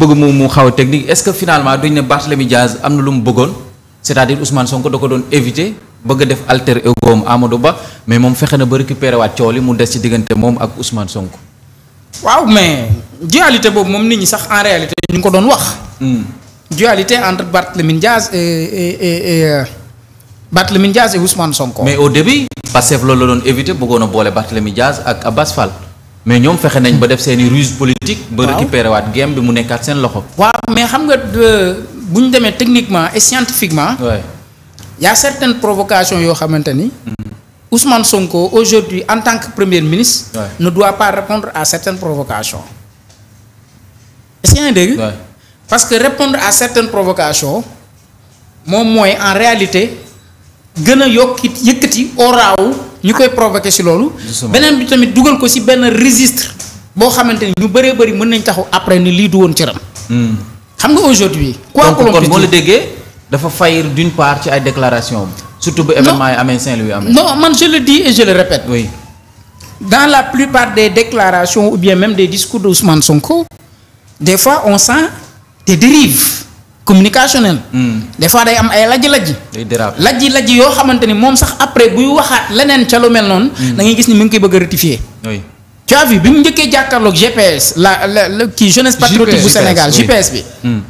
bëgg mu mu xaw technique est-ce que finalement duñ ne Barthélemy Diaz am na lu mu bëggoon cest a dire Ousmane Sonko da ko doon éviter bëgg a def alter egoom Amadou Ba mais moom fexe na ba récupérer waat coow li mu des ci diggante moom ak Ousmane Sonko. waaw mais dualité boobu moom nit ñi sax en réalité ñu ngi ko doon wax. Hmm. dualité entre Barthélemy Diaz et et et euh, Barthélemy Diaz et Ousmane Sonko. mais au début Pastef loolu la doon éviter bëggoon a boole Barthélemy Diaz ak Abbas Fall. mais ñoom fexe nañ ba def seeni ruse politique. ba récupérer waat game bi mu nekkaat seen loxo. waa mais xam nga bu ñu demee techniquement et scientifiquement. Ouais. y a certaines yoo xamante ni. Mm-hmm. Ousmane Sonko aujourd'hui en tant que premier ministre. Ouais. ne doit pas répondre à certaines provocations. est-ce que yaa ngi parce que répondre à certaines provocations moom mooy en réalité gën a yokkit yëkkati oraawu. ñu koy provoqué si loolu. beneen bi tamit dugal ko si benn registre boo xamante ni ñu bëree bëri mën nañ taxu après ni lii du woon cëram. Hmm. xam nga aujourd'hui quoi que l'on puisse la déggee dafa fayir d'une part ci ay déclaration surtout bu événement yi amee Saint-Louis am non man je le di et je le répète. dans la plupart des déclarations ou bien même des discours de Ousmane Sonko des fois on sent des dérives. communicationnel. Hmm. des fois day am ay lajj-lajj. day dérape lajj-lajj yoo xamante ni moom sax après buy waxaat leneen ca lu mel noonu. Hmm. da ngay gis ni mu ngi koy bëgg a rectifier. oui tu as vu bi mu njëkkee jàkkaarloog GPS la la la kii jeunesse patriotique bu Sénégal GPS bi. Hmm.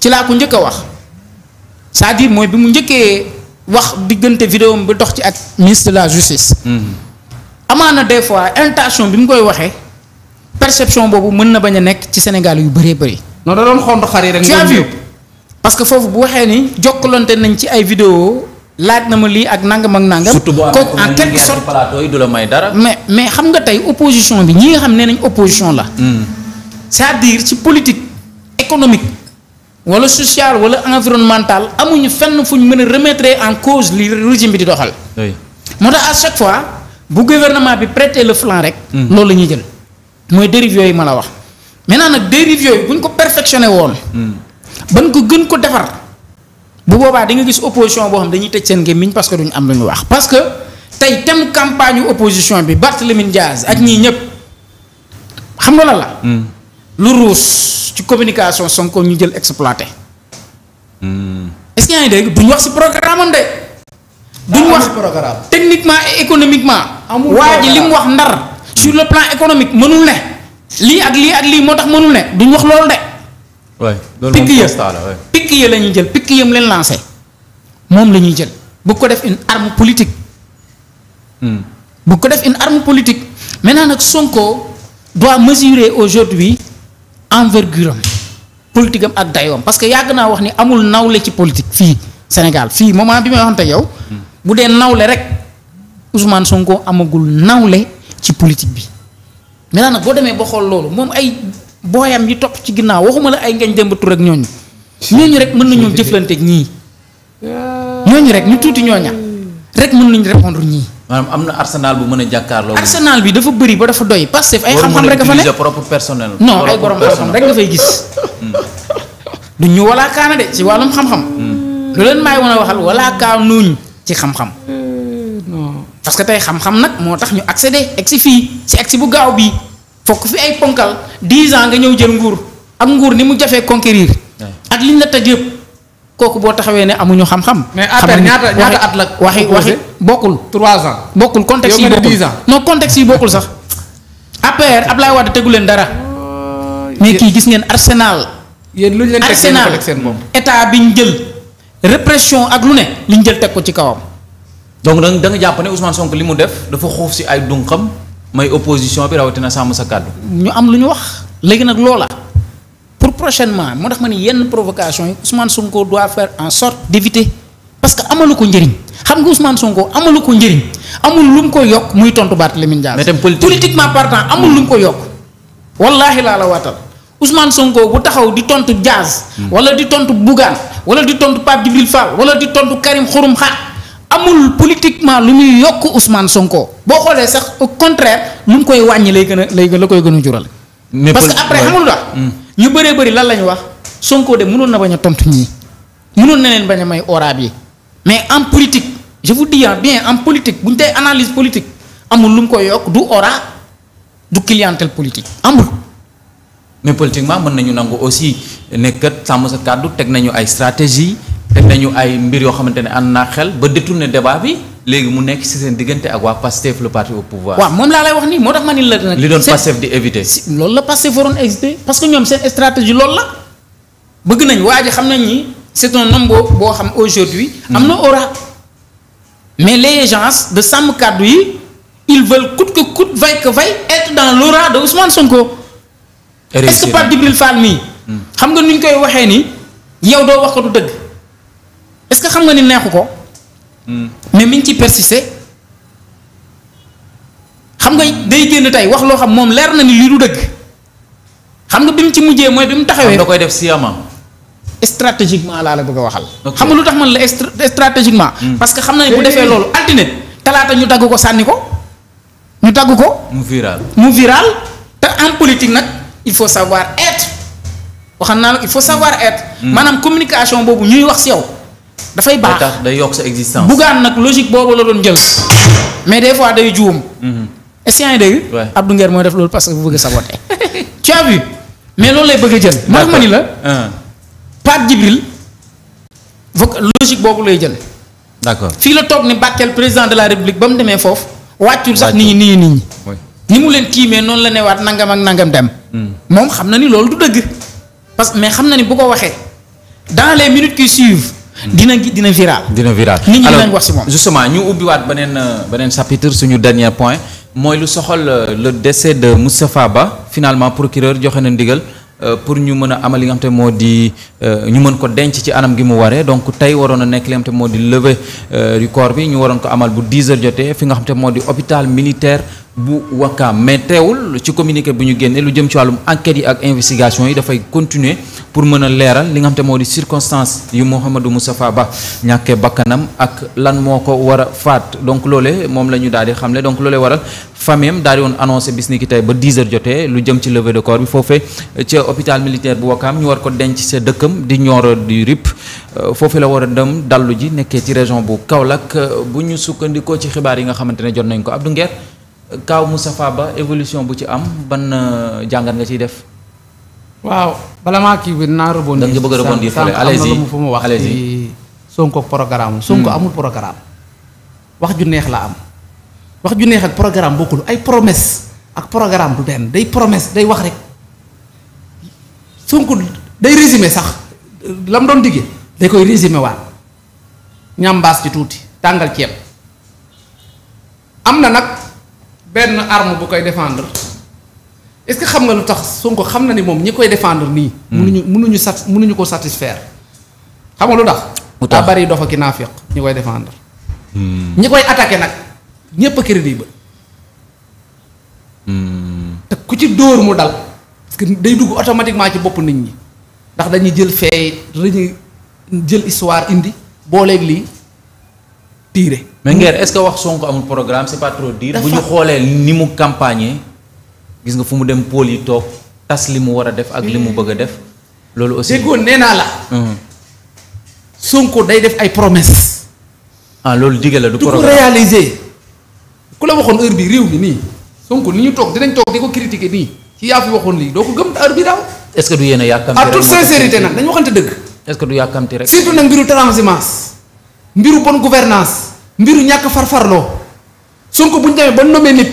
ci laa ko njëkk a wax cest à mooy bi mu njëkkee wax diggante vidéo bi dox ci ak ministre de la justice. amaana des fois intention bi mu koy waxee perception boobu mën na bañ a nekk ci senegal yu bëree bëri. non da doon parce que foofu bu waxee ni jokkalante nañ ci ay vidéo laaj na ma lii ak nangam ak nangam. surtout boo en quelque sorte du la may dara. mais mais xam nga tey opposition bi ñi nga xam ne nañ opposition la. Hmm. cest à ci politique économique wala sociale wala environnementale amuñu fenn fu ñu mën a remettre en cause li régime bi di doxal. moo tax à chaque fois bu gouvernement bi prêter le flan rek. Hmm. loolu la ñuy jël mooy dérive yi ma la wax. maintenant nag dérive yooyu buñ ko perfectionné woon. Hmm. ban ko gën ko defar bu boobaa di gis opposition boo xam dañuy tëj seen gémmiñ parce que duñu am lu ñu wax parce que tey thème campagne yu opposition bi Barthélémy Diaz ak ñii ñëpp xam nga la la. Hmm. lu ruus ci communication Sonko ñu jël exploité. Hmm. est-ce que yaa ngi duñ wax ci programme am de. duñ wax techniquement économiquement. waa ji li mu wax ndar. sur le plan économique mënul ne. lii ak lii ak lii moo tax mënul ne duñ wax loolu de. pikk ya pikk ya la ñuy jël pikk ya mu leen lancé moom la ñuy jël bu ko def une arme politique hmm. bu ko def une arme politique maintenant ak Sonko doit mesurer aujourd'hui envergure am politique ak dayoom parce que yàgg naa wax ni amul nawle ci politique fii Sénégal fii moment bi may waxante yow hmm. bu dee nawle rek Ousmane Sonko amagul nawle ci politique bi maintenant nag boo demee ba xool loolu moom ay booyam yi topp ci ginnaaw waxuma la ay ngañ démb tur ak ñooñu ñooñu rek mën nañoo jëflanteeg ñii ñooñu rek ñu tuuti ñooña rek mën nañu répondre ñii. maanaam am na arsenal bu mën jàkkaarloo. arsenal bi dafa bëri ba dafa doy parce que ay xam-xam rek dafa ne propre personnel. non ay nga fay gis. du ñu walaakaana de ci wàllum xam-xam. Hmm. lu leen maay mën a waxal walaakaanuñ ci xam-xam. Hmm, parce que tey xam-xam nag moo tax ñu accéder egg si fii si egg si bu gaaw bii. fokk fi ay ponkal dix ans nga ñëw jël nguur ak nguur ni mu jafee conquérir ak ñu la teg yëpp kooku boo taxawee ne amuñu xam-xam. mais affaire ñaata ñaata at la. waxi waxi bokkul. trois ans bokkul contexte yi bokkul non contexte yi bokkul sax. APR Ablaye Wade tegu leen dara. mais kii gis ngeen arsenal. yéen lu ñu leen teg seen état bi ñu jël répression ak lu ne li ñu jël teg ko ci kawam. donc da nga jàpp ne Ousmane Sonko li mu def dafa xuuf si ay dunqam. may opposition bi rawatina sàmm sa kàddu. ñu am lu ñu wax léegi nag loola pour prochainement moo tax ma ne yenn provocation yi Ousmane Sonko doit faire en sort d'éviter parce que amalu ko njëriñ xam nga Ousmane Sonko amalu ko njëriñ amul lu mu ko yokk muy tontu Barthélémy Dias. mais tam politiquement partant amul lu mu ko yokk. wallaahi laa la waatal Ousmane Sonko bu taxaw di tontu Dias. Hmm. wala di tontu Bougane wala di tontu Pape Djibril Fall wala di tontu Karim Xurum Xaat amul politiquement lu muy yokk Ousmane Sonko boo xoolee sax au contraire lu mu koy wàññi lay gën a lay la koy gën a jural. parce que après xamul tax ñu hmm. bëree bëri lan la ñu wax Sonko de mënoon na bañ a tontu ñii mënoon na leen bañ a may oraab yi mais en politique je vous dis bien en politique bu ñu tey analyse politique amul lu mu koy yokk du ora du clientèle politique amul. mais politiquement mën nañu nangu aussi nekkat sàmm sa kàddu teg nañu ay stratégie teg nañu ay mbir yoo xamante ne ànd naa xel ba détourné débat bi léegi mu nekk ci seen diggante ak waa Pastef le parti au pouvoir. waaw moom laa lay wax nii moo tax ma ni la nag. li doon Pastef di éviter. si loolu la Pastef waroon éviter parce que ñoom seen stratégie loolu la bëgg nañ waa xam nañ ni c'est un homme boo boo xam aujourd'hui am na aura mais les gens de sàmm kàddu yi ils veulent coûte que coûte vaille que vaille être dans l'aura de Ousmane Sonko. est-ce que Pape Djibril hmm. xam nga nuñ koy waxee nii yow doo wax ko du dëgg. est que xam nga ni neexu ko. Hmm. mais mi ngi ciy persister xam nga day génn tey wax loo xam moom leer na ni lii du dëgg xam nga bi mu ci mujjee mooy bi mu taxawee. da koy def sciemment. stratégiquement laa la bëgg a waxal. xam nga lu tax man la stratégiquement. Hmm. parce que xam na ne bu defee loolu altine talaata ñu dagg ko sànni ko ñu dagg ko. mu viral mu viral te en politique nag il faut savoir être waxam naa la il faut savoir être. Hmm. maanaam communication boobu ñuy wax si yow. dafay baax tax day yokk sa existence. bugaan nag logique boobu la doon jël mais des fois day juum. Mhm. est-ce que yaa ngi mooy def loolu parce que bu bëgg a saboter. tu as mais loolu lay bëgg a jël. moo ma ni la. Pape Djibril voc logique boobu lay jël. d'accord fii la toog ni Bakel président de la république ba mu demee foofu. wàccul sax nit ñi nit ñi nit ñi. ni mu leen kiimee noonu la newaat nangam ak nangam dem. Mm. moom xam na ni loolu du dëgg. parce que mais xam na ni bu ko waxee. dans les minutes qui suivent. dina dina viral. dina viral nit ñi nañ wax si moom. justement ñu ubbiwaat beneen euh, beneen chapitre suñu dernier point mooy lu soxal euh, le décès de Moustapha Ba finalement procureur joxe na ndigal. Euh, pour ñu mën a amal li nga xam moo di euh, ñu mën ko denc ci anam gi mu waree donc tey waroon a nekk li nga xam moo di levée euh, du bi ñu waroon ko amal bu 10 heures jotee fi nga xam te moo di hôpital militaire bu Wakam mais teewul ci communiquer bu ñu génnee lu jëm ci wàllum enquêtes yi ak investigation yi dafay continuer pour mën a leeral li nga xam te moo di circonstance yu Mouhamadou Moustapha Ba ñàkkee bakkanam ak lan moo ko war a faat donc loolee moom la ñu daal di xamle donc loolee waral famille am daal di woon annoncé bis ni ki tey ba 10 jotee lu jëm ci levée de corps bi foofee ca hôpital militaire bu Wakaam ñu war ko denc sa dëkkam di Nioro du Rip euh, foofee la war a dem dallu ji nekkee ci région bu Kaolack euh, bu ñu sukkandikoo ci xibaar yi nga xamante ne jot nañ ko Abdou Nguer Kaaw Moustapha Ba évolution bu ci am ban euh, jàngat nga ciy def. waaw bala maa kii bi naa rebondir. da nga bëgg a rebondir fële allez-y am na lu fu mu wax ci Sonko programme Sonko hmm. amul programme wax ju neex la am. wax ju neex ak programme bokkul ay promesse ak programme bu benn day promesse day wax rek Sonko day résumé sax la mu doon diggee day koy résumé waat ñambaas ci tuuti tàngal ceeb am na nag benn arme bu koy défendre est-ce xam nga lu tax sunk xam na ni moom ñi koy défendre nii. Hmm. mënuñu mënuñu sat mënuñu ko satisfaire xam nga lu tax. mu tax daa bari dofa ki naafiq ñi koy défendre. Hmm. ñi koy attaqué nag. ñëpp a crédible te ku ci dóor mu dal parce que day dugg automatiquement ci bopp nit ñi ndax dañuy jël fee dañuy jël histoire indi booleeg li tiire. mais Nguer est-ce que wax Sonko amul programme c'est pas trop dire. bu ñu xoolee ni mu campagne gis nga fu mu dem pôle yi toog tas li mu war a def ak li mu bëgg a def. loolu aussi déggoo nee naa la. Sonko day def ay promesses. ah loolu dige la du programme du ko réaliser. ku la waxoon heure réew mi nii Sonko ni ñu toog dinañ toog di ko critiquer nii ci yaa fi waxoon lii doo ko gëm heure a yàkkamti rek à toute sincérité nag dañu surtout nag mbiru transhumance mbiru bonne gouvernance ñàkk farfarloo Sonko bu ñu demee ba nommé nit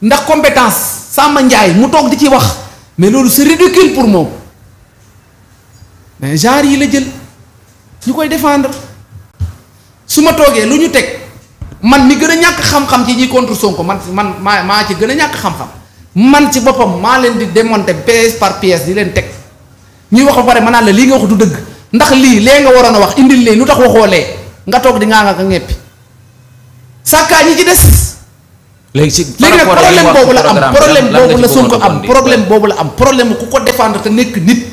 ndax compétence Samba Ndiaye mu toog di ci wax mais loolu c'est ridicule pour moom mais genre yi la jël ñu koy défendre su ma toogee lu ñu teg. man mi gën a ñàkk xam-xam ci ñi contre Sonko man man maa maa ci gën a ñàkk xam-xam man ci boppam maa leen di démonter pièce par pièce di leen teg ñuy wax ba pare man naa la lii nga wax du dëgg ndax lii lee nga waroon a wax indi lee lu tax waxoo lee nga toog dingaa ngaa nga ñeppi sàkkaa ñi ci des. léegi ci léegi nag problème boobu la am problème boobu la Sonko am problème boobu la am problème ku ko défendre te nekk nit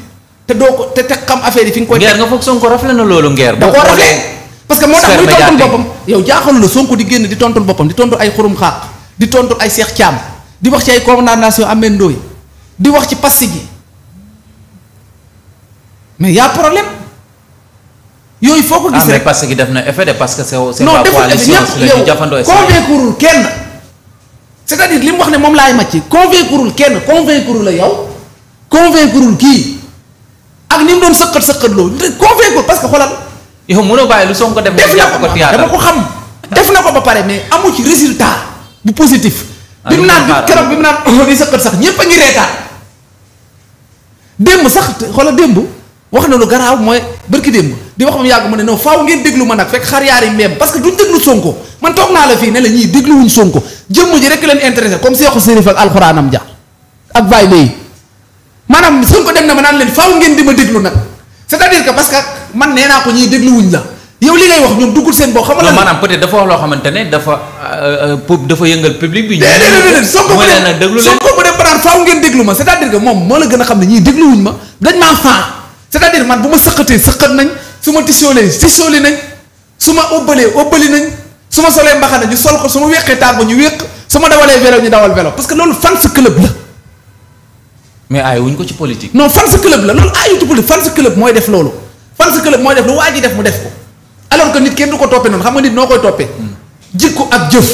te doo ko te te xam affaire yi fi nga koy. ngeer nga na loolu ngeer. que moo tax muy yow jaaxal la Sonko di génn di tontul boppam di tontul ay xurum xaq di tontul ay Seex Caam di wax ci ay condamnation Ameth Ndoye di wax ci pasti gi mais y a yooyu foo ko gis que ah, def na effet parce que c'est c'est la coalition yow convaincrewul kenn cest à li mu wax ne moom laay màcc convaincrewul kenn convaincrewul la yow convaincrewul kii ak ni mu doon sëqat sëqat loolu convaincrewul parce que xoolal yow mënoo bàyyi lu Sonko def. def na ko dama ko xam def na ko ba pare mais amu ci résultat bu positif. Ah, bi mu naan bi keroog bi mu naan oh, li sëqat sax ñëpp a ngi reetaan démb sax xoolal démb wax na lu garaaw mooy barki démb di wax ba mu yàgg mu ne non faaw ngeen déglu ma nag fekk xar yaari meem parce que duñ déglu Sonko man toog naa la fii ne la ñuy dégluwuñ Sonko jëmm ji rek leen intéressé comme Seexu Sérif ak alxuraanam ja ak vaay léegi maanaam Sonko dem na ma naan leen faaw ngeen di ma déglu nag c'est-à-dire que parce que. man nee naa ko ñii dégluwuñ la yow li ngay wax ñoom duggul seen boo xam nga lan maanaam peut dafa wax loo xamante ne dafa euh, euh, pop dafa yëngal public bi. ñu a déglu leen déedéet déedéet soo faaw ngeen déglu ma c'est-à-dire que moom moo la gën a xam ne ma dañ maa faa cest à ma sëqatee sëqat nañ su ma ma ëbbalee ëbbali nañ su sol su ma wéqee taal ba ñu su ma dawalee vélo ñu dawal vélo parce que loolu fans club la. mais aay wuñ ko ci politique. non fans club mooy def loolu fans club mooy def lu waa ji def mu def ko alors que nit kenn du ko toppee noonu xam nga nit noo koy toppee. Hmm. jikko ak jëf.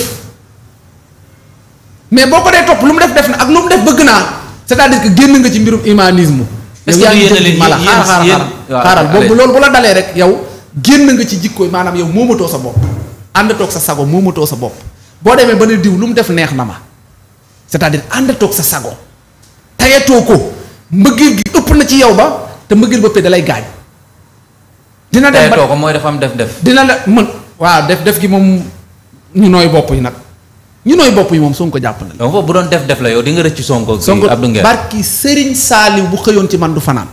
mais boo ko dee topp lu mu def def na ak lu mu def bëgg naa c'est-à-dire que génn nga ci mbirum humanisme. est-ce que yaa ngi jël mala xaaral xaaral xaaral boobu loolu bu la dalee rek yow génn nga ci jikko maanaam yow moomatoo sa bopp àndatoog sa sago moomatoo sa bopp boo demee ba ne diw lu mu def neex na ma c'est-à-dire àndatoog sa sago tayatoo ko mbëggeel gi ëpp na ci yow ba te mbëggeel boppee dalay gaañ. dina dem ba mooy dafa def-def. dina la mën waaw def-def gi moom ñu nooy bopp yi nag ñu nooy bopp yi moom ko jàpp na. bu doon def-def la yow di nga rëcc Sonko. ak Abdou Nguer barki Serigne Saliou bu xëyoon ci man du fanaan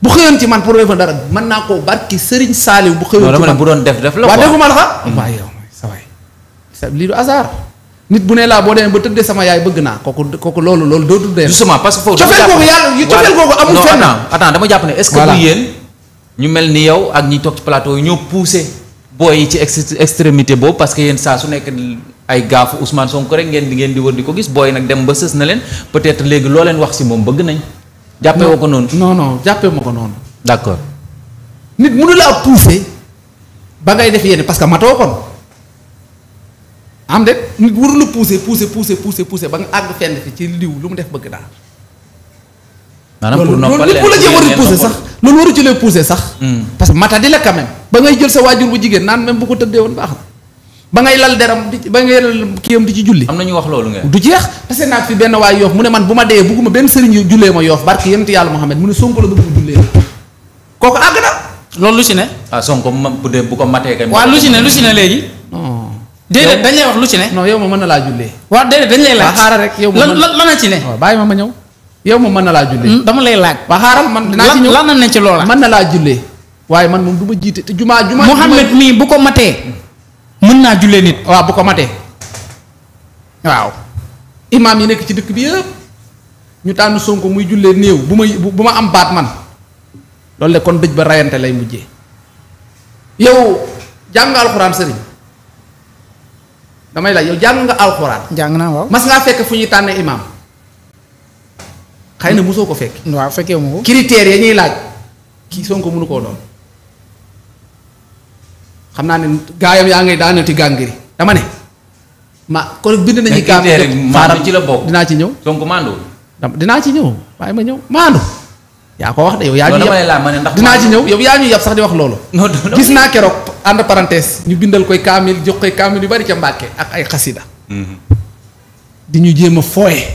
bu xëyoon ci man pour defal mën naa koo barki Serigne Saliou bu xëyoon ci man bu doon def-def la waaw defuma la lii mm. du hasard. nit bu ne laa boo demee ba tëddee sama yaay bëgg naa kooku kooku loolu loolu doo tuddee. justement parce que foofu dama jàpp cofeel googu yàlla cofeel ñu mel ni yow ak ñi toog ci yi ñoo poussé booy yi ci extrémité boobu parce que yéen saa su nekk ay gaafu Ousmane Sonko rek ngeen di ngeen di wër di ko gis booy nag dem ba sës leen peut-être léegi loo wax si moom bëgg nañ. jàppee woo ko noonu non non jàppee ma ko noonu. d'accord. nit mënu laa poussé ba ngay def yéen parce que matoo kon am de nit warul la pousser pousser pousser pousser ba nga àgg fenn fi ci liw lu mu def bëgg daal. maanaam pour noppal leen loolu loolu sax loolu waru ci lee pousser sax. Hmm. parce que matadi la quand jël sa waajur bu jigéen naan même bu ko tëddee woon baax ba ngay lal deram di ci julli. am na ñu wax loolu nga. du jeex parce benn waay yoof mu ne man bu ma dee bugguma benn sëriñ yu jullee ma yoof barke yonent yàlla Muhammad loolu lu si ne. ah Sonko bu dee bu ko matee kay. waaw lu ci ne lu ci ne léegi déedéet dañ lay wax lu ci ne. non yow ma mën na laa jullee. waaw déedéet dañ lay laaj. waaw xaaral rek yow ma lan lan la ci ne. waaw bàyyi ma ma ñëw yow ma mën na laa jullee. Hmm, dama lay laaj. waaw xaaral man dinaa ci ñëw lan lan nañ ci loola. mën na laa jullee waaye man moom du ma jiite te jumaa jumaa. Mouhamed mii bu ko matee. mën naa jullee nit. waa bu ko matee waaw. imaam yi nekk ci dëkk bi yëpp ñu tànn Sonko muy jullee néew bu may bu ma am baat man loolu de kon dëj ba rayante lay mujjee yow jàngal alxuraan damay laaj yow jàng nga alxuraan. jàng naa waaw mas fekk fu ñuy tànnee imaam. xëy na mosoo ko fekk. waaw fekkee mu ko. critères ya ñuy laaj ki sonk mënu koo doon xam naa ne gaayam yaa ngay daanati gàngiri dama ne. ma kon bind nañu. gàngiri maanaam ci la bokk dinaa ci ñëw. Sonko maandu dinaa ci ñëw waaye ma ñëw maandu. yaa ko wax de yow yaa ñu yab dinaa ci ñëw yow yaa ñu yab sax di wax loolu gis naa keroog entre parenthèse ñu bindal koy kaamil jox koy kaamil yu bari ca Mbàkke ak ay xasida mhm. di ñu jéem a fooye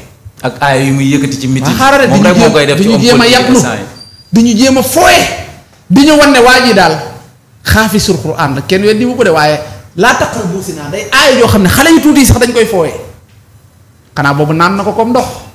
ak aaya yu muy yëkkati ci mitin ah, xaaral di ñu jéem a yablu di ñu jéem a fooye di ñu wan ne waa ji daal xaafisul Quraan la kenn weddi bu ko waaye laa taqul yoo xam ne xale yu sax dañ koy fooye xanaa boobu naan na ko comme ndox